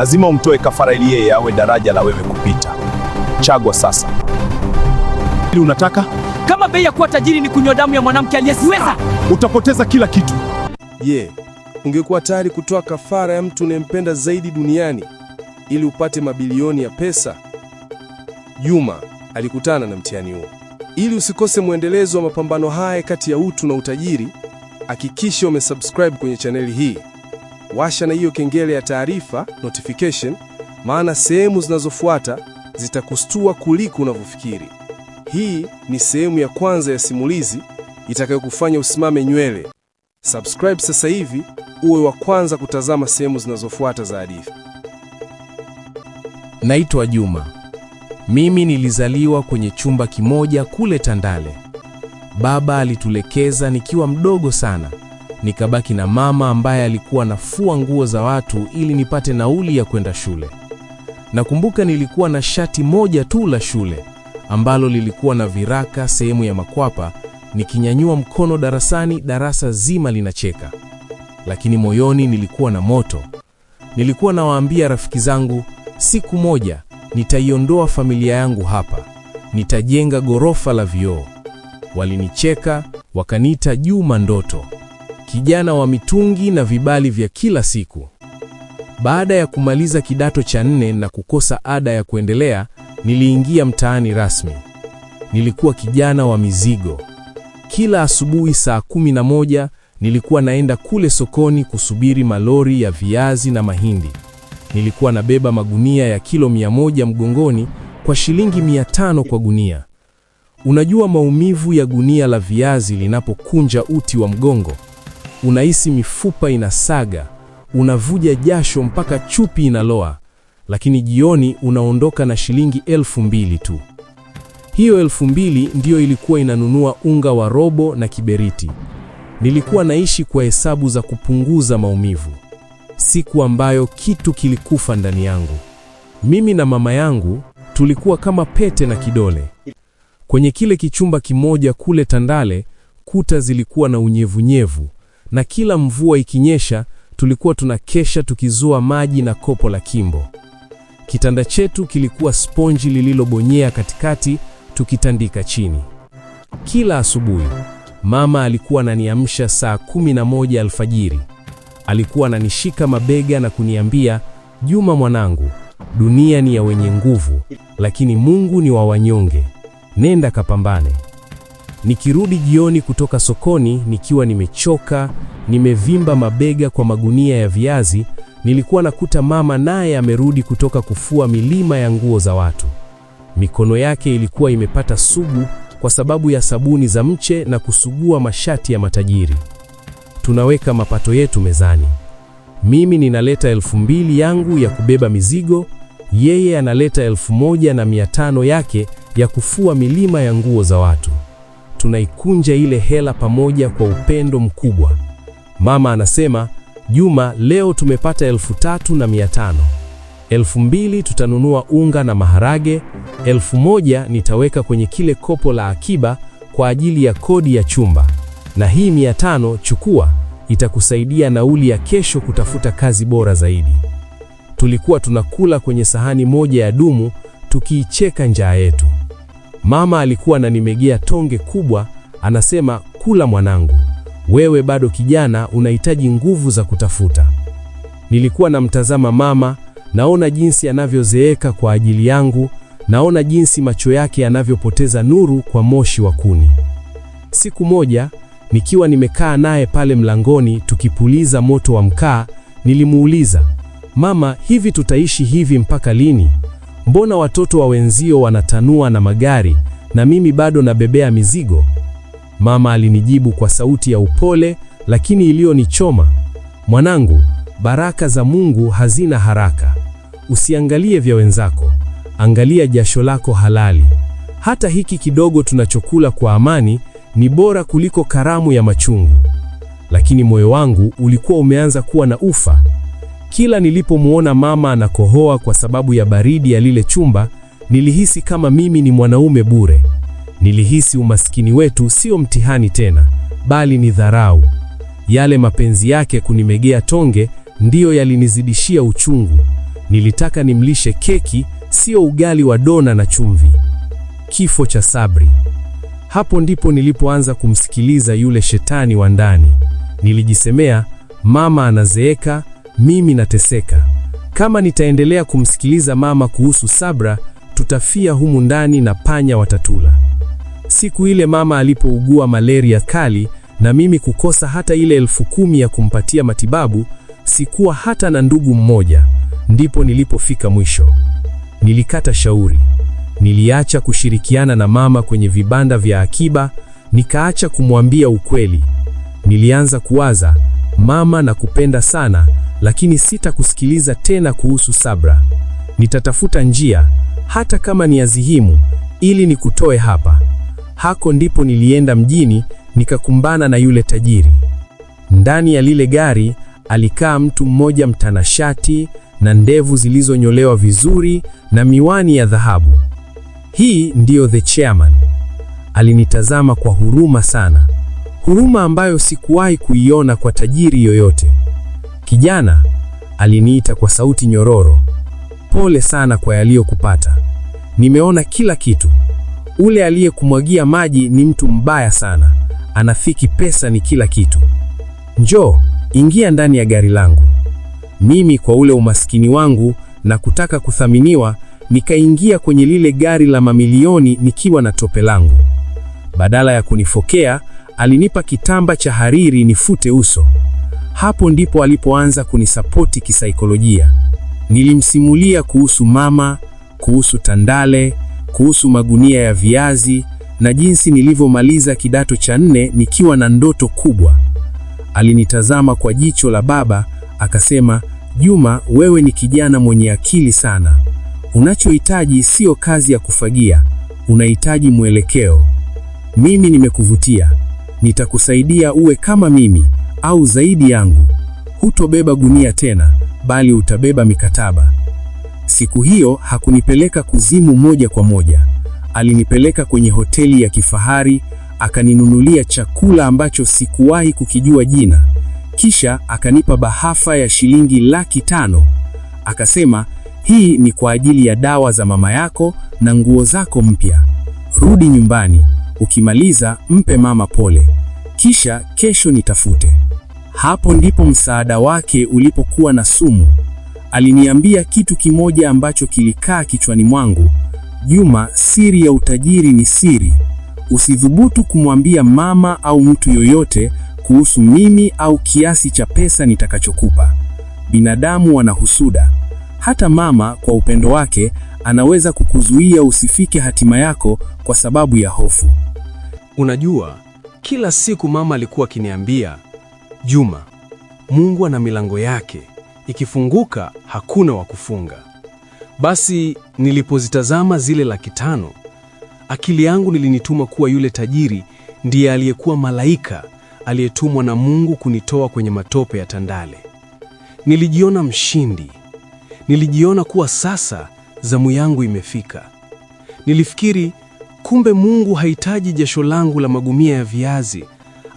lazima umtoe kafara ili yeye awe daraja la wewe kupita. Chagua sasa, ili unataka kama bei ya kuwa tajiri ni kunywa damu ya mwanamke aliyesiweza, utapoteza kila kitu. Je, yeah, ungekuwa tayari kutoa kafara ya mtu unayempenda zaidi duniani ili upate mabilioni ya pesa? Juma alikutana na mtihani huo. Ili usikose mwendelezo wa mapambano haya kati ya utu na utajiri, hakikisha umesubscribe kwenye chaneli hii washa na hiyo kengele ya taarifa notification, maana sehemu zinazofuata zitakustua kuliko unavyofikiri. Hii ni sehemu ya kwanza ya simulizi itakayokufanya usimame nywele. Subscribe sasa hivi uwe wa kwanza kutazama sehemu zinazofuata za hadithi. Naitwa Juma. Mimi nilizaliwa kwenye chumba kimoja kule Tandale. Baba alitulekeza nikiwa mdogo sana nikabaki na mama ambaye alikuwa anafua nguo za watu ili nipate nauli ya kwenda shule. Nakumbuka nilikuwa na shati moja tu la shule ambalo lilikuwa na viraka sehemu ya makwapa. Nikinyanyua mkono darasani, darasa zima linacheka, lakini moyoni nilikuwa na moto. Nilikuwa nawaambia rafiki zangu, siku moja nitaiondoa familia yangu hapa, nitajenga ghorofa la vioo. Walinicheka wakaniita Juma Ndoto kijana wa mitungi na vibali vya kila siku. Baada ya kumaliza kidato cha nne na kukosa ada ya kuendelea, niliingia mtaani rasmi. Nilikuwa kijana wa mizigo. Kila asubuhi saa kumi na moja nilikuwa naenda kule sokoni kusubiri malori ya viazi na mahindi. Nilikuwa nabeba magunia ya kilo mia moja mgongoni kwa shilingi mia tano kwa gunia. Unajua maumivu ya gunia la viazi linapokunja uti wa mgongo? unahisi mifupa inasaga, unavuja jasho mpaka chupi inaloa, lakini jioni unaondoka na shilingi elfu mbili tu. Hiyo elfu mbili ndiyo ilikuwa inanunua unga wa robo na kiberiti. Nilikuwa naishi kwa hesabu za kupunguza maumivu. Siku ambayo kitu kilikufa ndani yangu. Mimi na mama yangu tulikuwa kama pete na kidole. Kwenye kile kichumba kimoja kule Tandale, kuta zilikuwa na unyevunyevu na kila mvua ikinyesha tulikuwa tunakesha tukizua maji na kopo la Kimbo. Kitanda chetu kilikuwa sponji lililobonyea katikati, tukitandika chini. Kila asubuhi mama alikuwa ananiamsha saa kumi na moja alfajiri. Alikuwa ananishika mabega na kuniambia, Juma mwanangu, dunia ni ya wenye nguvu, lakini Mungu ni wa wanyonge. Nenda kapambane. Nikirudi jioni kutoka sokoni nikiwa nimechoka, nimevimba mabega kwa magunia ya viazi, nilikuwa nakuta mama naye amerudi kutoka kufua milima ya nguo za watu. Mikono yake ilikuwa imepata sugu kwa sababu ya sabuni za mche na kusugua mashati ya matajiri. Tunaweka mapato yetu mezani. Mimi ninaleta elfu mbili yangu ya kubeba mizigo, yeye analeta elfu moja na mia tano yake ya kufua milima ya nguo za watu tunaikunja ile hela pamoja kwa upendo mkubwa. Mama anasema, Juma, leo tumepata elfu tatu na mia tano. Elfu mbili tutanunua unga na maharage, elfu moja nitaweka kwenye kile kopo la akiba kwa ajili ya kodi ya chumba, na hii mia tano chukua, itakusaidia nauli ya kesho kutafuta kazi bora zaidi. Tulikuwa tunakula kwenye sahani moja ya dumu tukiicheka njaa yetu. Mama alikuwa ananimegea tonge kubwa, anasema, kula mwanangu, wewe bado kijana, unahitaji nguvu za kutafuta. Nilikuwa namtazama mama, naona jinsi anavyozeeka kwa ajili yangu, naona jinsi macho yake yanavyopoteza nuru kwa moshi wa kuni. Siku moja nikiwa nimekaa naye pale mlangoni tukipuliza moto wa mkaa, nilimuuliza, Mama, hivi tutaishi hivi mpaka lini? Mbona watoto wa wenzio wanatanua na magari na mimi bado nabebea mizigo? Mama alinijibu kwa sauti ya upole lakini iliyonichoma. Mwanangu, baraka za Mungu hazina haraka. Usiangalie vya wenzako, angalia jasho lako halali. Hata hiki kidogo tunachokula kwa amani ni bora kuliko karamu ya machungu. Lakini moyo wangu ulikuwa umeanza kuwa na ufa. Kila nilipomwona mama anakohoa kwa sababu ya baridi ya lile chumba, nilihisi kama mimi ni mwanaume bure. Nilihisi umaskini wetu sio mtihani tena, bali ni dharau. Yale mapenzi yake kunimegea tonge ndiyo yalinizidishia uchungu. Nilitaka nimlishe keki, sio ugali wa dona na chumvi. Kifo cha Sabri. Hapo ndipo nilipoanza kumsikiliza yule shetani wa ndani. Nilijisemea, mama anazeeka, mimi nateseka. Kama nitaendelea kumsikiliza mama kuhusu Sabra, tutafia humu ndani na panya watatula. Siku ile mama alipougua malaria kali na mimi kukosa hata ile elfu kumi ya kumpatia matibabu, sikuwa hata na ndugu mmoja. Ndipo nilipofika mwisho. Nilikata shauri. Niliacha kushirikiana na mama kwenye vibanda vya akiba, nikaacha kumwambia ukweli. Nilianza kuwaza, mama nakupenda sana lakini sitakusikiliza tena kuhusu Sabra. Nitatafuta njia, hata kama ni azihimu, ili nikutoe hapa. Hako ndipo nilienda mjini, nikakumbana na yule tajiri. Ndani ya lile gari alikaa mtu mmoja mtanashati na ndevu zilizonyolewa vizuri na miwani ya dhahabu. Hii ndiyo the chairman. Alinitazama kwa huruma sana, huruma ambayo sikuwahi kuiona kwa tajiri yoyote. Kijana, aliniita kwa sauti nyororo, pole sana kwa yaliyokupata, nimeona kila kitu. Ule aliyekumwagia maji ni mtu mbaya sana, anafiki pesa ni kila kitu. Njoo, ingia ndani ya gari langu. Mimi kwa ule umaskini wangu na kutaka kuthaminiwa, nikaingia kwenye lile gari la mamilioni nikiwa na tope langu. Badala ya kunifokea, alinipa kitamba cha hariri nifute uso. Hapo ndipo alipoanza kunisapoti kisaikolojia. Nilimsimulia kuhusu mama, kuhusu Tandale, kuhusu magunia ya viazi na jinsi nilivyomaliza kidato cha nne nikiwa na ndoto kubwa. Alinitazama kwa jicho la baba akasema, Juma, wewe ni kijana mwenye akili sana. Unachohitaji sio kazi ya kufagia, unahitaji mwelekeo. Mimi nimekuvutia, nitakusaidia uwe kama mimi au zaidi yangu, hutobeba gunia tena, bali utabeba mikataba. Siku hiyo hakunipeleka kuzimu moja kwa moja, alinipeleka kwenye hoteli ya kifahari, akaninunulia chakula ambacho sikuwahi kukijua jina, kisha akanipa bahafa ya shilingi laki tano. Akasema, hii ni kwa ajili ya dawa za mama yako na nguo zako mpya. Rudi nyumbani, ukimaliza mpe mama pole, kisha kesho nitafute. Hapo ndipo msaada wake ulipokuwa na sumu. Aliniambia kitu kimoja ambacho kilikaa kichwani mwangu. Juma, siri ya utajiri ni siri. Usidhubutu kumwambia mama au mtu yoyote kuhusu mimi au kiasi cha pesa nitakachokupa. Binadamu wana husuda. Hata mama kwa upendo wake anaweza kukuzuia usifike hatima yako kwa sababu ya hofu. Unajua, kila siku mama alikuwa akiniambia Juma, Mungu ana milango yake, ikifunguka hakuna wa kufunga. Basi nilipozitazama zile laki tano, akili yangu nilinituma kuwa yule tajiri ndiye aliyekuwa malaika aliyetumwa na Mungu kunitoa kwenye matope ya Tandale. Nilijiona mshindi, nilijiona kuwa sasa zamu yangu imefika. Nilifikiri kumbe Mungu hahitaji jasho langu la magumia ya viazi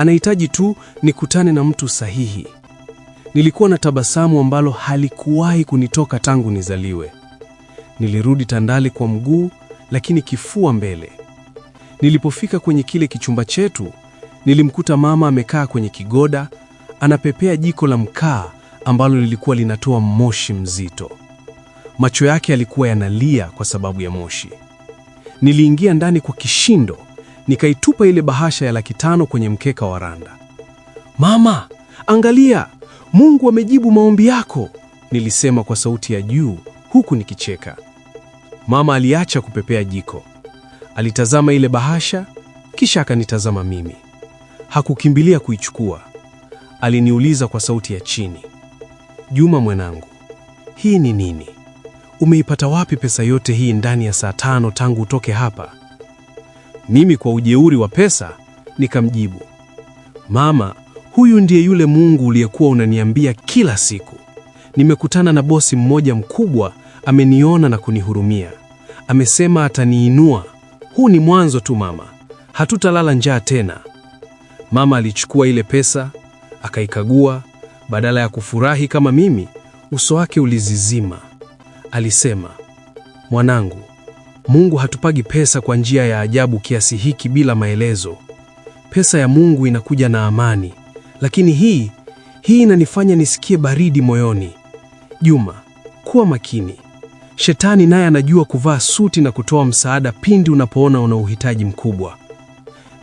Anahitaji tu nikutane na mtu sahihi. Nilikuwa na tabasamu ambalo halikuwahi kunitoka tangu nizaliwe. Nilirudi Tandale kwa mguu, lakini kifua mbele. Nilipofika kwenye kile kichumba chetu, nilimkuta mama amekaa kwenye kigoda, anapepea jiko la mkaa ambalo lilikuwa linatoa moshi mzito. Macho yake yalikuwa yanalia kwa sababu ya moshi. Niliingia ndani kwa kishindo Nikaitupa ile bahasha ya laki tano kwenye mkeka wa randa. Mama, angalia, Mungu amejibu maombi yako, nilisema kwa sauti ya juu huku nikicheka. Mama aliacha kupepea jiko, alitazama ile bahasha, kisha akanitazama mimi. Hakukimbilia kuichukua, aliniuliza kwa sauti ya chini, Juma mwanangu, hii ni nini? Umeipata wapi pesa yote hii ndani ya saa tano tangu utoke hapa? Mimi kwa ujeuri wa pesa nikamjibu, mama, huyu ndiye yule Mungu uliyekuwa unaniambia kila siku. Nimekutana na bosi mmoja mkubwa, ameniona na kunihurumia, amesema ataniinua. Huu ni mwanzo tu mama, hatutalala njaa tena. Mama alichukua ile pesa akaikagua. Badala ya kufurahi kama mimi, uso wake ulizizima. Alisema, mwanangu, Mungu hatupagi pesa kwa njia ya ajabu kiasi hiki bila maelezo. Pesa ya Mungu inakuja na amani, lakini hii hii inanifanya nisikie baridi moyoni. Juma, kuwa makini. Shetani naye anajua kuvaa suti na kutoa msaada pindi unapoona una uhitaji mkubwa.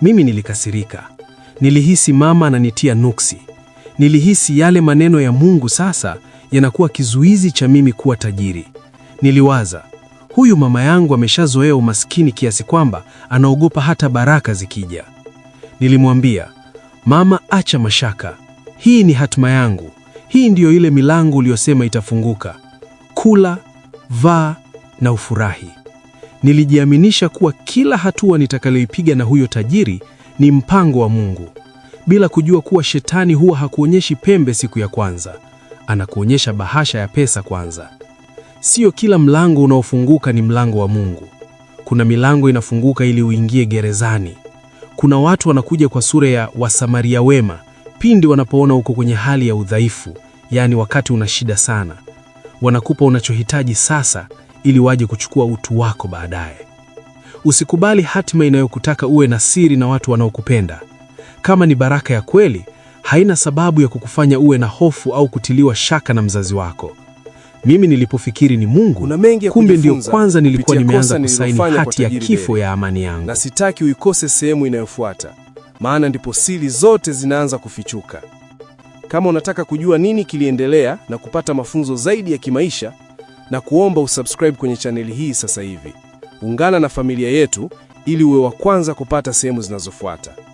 Mimi nilikasirika, nilihisi mama ananitia nuksi, nilihisi yale maneno ya Mungu sasa yanakuwa kizuizi cha mimi kuwa tajiri. Niliwaza, huyu mama yangu ameshazoea umaskini kiasi kwamba anaogopa hata baraka zikija. Nilimwambia, mama, acha mashaka, hii ni hatima yangu. Hii ndiyo ile milango uliyosema itafunguka. Kula, vaa na ufurahi. Nilijiaminisha kuwa kila hatua nitakaloipiga na huyo tajiri ni mpango wa Mungu, bila kujua kuwa shetani huwa hakuonyeshi pembe siku ya kwanza, anakuonyesha bahasha ya pesa kwanza. Sio kila mlango unaofunguka ni mlango wa Mungu. Kuna milango inafunguka ili uingie gerezani. Kuna watu wanakuja kwa sura ya wasamaria wema pindi wanapoona uko kwenye hali ya udhaifu, yaani wakati una shida sana. Wanakupa unachohitaji sasa ili waje kuchukua utu wako baadaye. Usikubali hatima inayokutaka uwe na siri na watu wanaokupenda. Kama ni baraka ya kweli, haina sababu ya kukufanya uwe na hofu au kutiliwa shaka na mzazi wako. Mimi nilipofikiri ni Mungu, kumbe ndiyo kwanza nilikuwa nimeanza kusaini hati ya kifo ya amani yangu, na sitaki uikose sehemu inayofuata, maana ndipo siri zote zinaanza kufichuka. Kama unataka kujua nini kiliendelea na kupata mafunzo zaidi ya kimaisha, na kuomba usubscribe kwenye chaneli hii sasa hivi. Ungana na familia yetu ili uwe wa kwanza kupata sehemu zinazofuata.